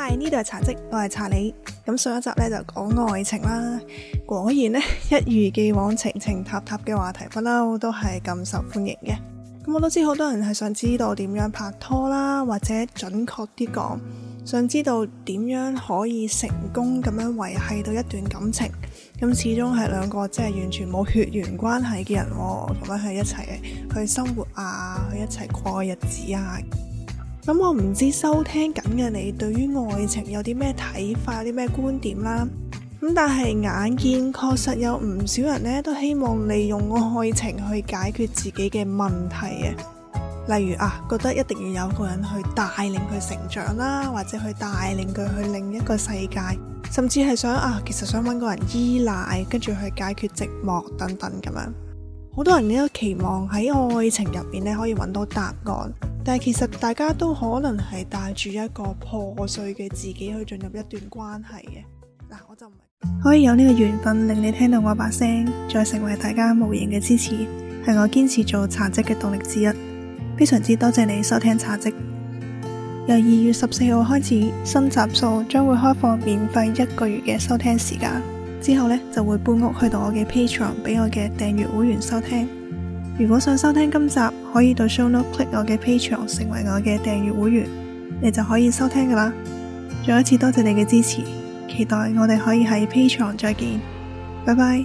係呢度係茶嘖，我係查理。咁上一集咧就講愛情啦，果然呢，一如既往情情塔塔嘅話題，不嬲都係咁受歡迎嘅。咁我都知好多人係想知道點樣拍拖啦，或者準確啲講，想知道點樣可以成功咁樣維繫到一段感情。咁始終係兩個即係完全冇血緣關係嘅人，同埋喺一齊去生活啊，去一齊過日子啊。咁、嗯、我唔知收聽緊嘅你對於愛情有啲咩睇法，有啲咩觀點啦。咁但係眼見確實有唔少人咧，都希望利用個愛情去解決自己嘅問題嘅。例如啊，覺得一定要有個人去帶領佢成長啦，或者去帶領佢去另一個世界，甚至係想啊，其實想搵個人依賴，跟住去解決寂寞等等咁樣。好多人呢都期望喺愛情入邊咧，可以搵到答案。但係其實大家都可能係帶住一個破碎嘅自己去進入一段關係嘅，嗱、啊、我就唔係可以有呢個緣分令你聽到我把聲，再成為大家無形嘅支持，係我堅持做茶嘖嘅動力之一，非常之多謝你收聽茶嘖。由二月十四號開始，新集數將會開放免費一個月嘅收聽時間，之後呢，就會搬屋去到我嘅 Patreon 俾我嘅訂閱會員收聽。如果想收聽今集，可以到 ShowNote click 我嘅 Patreon 成為我嘅訂閱會員，你就可以收聽噶啦。再一次多謝你嘅支持，期待我哋可以喺 Patreon 再見，拜拜。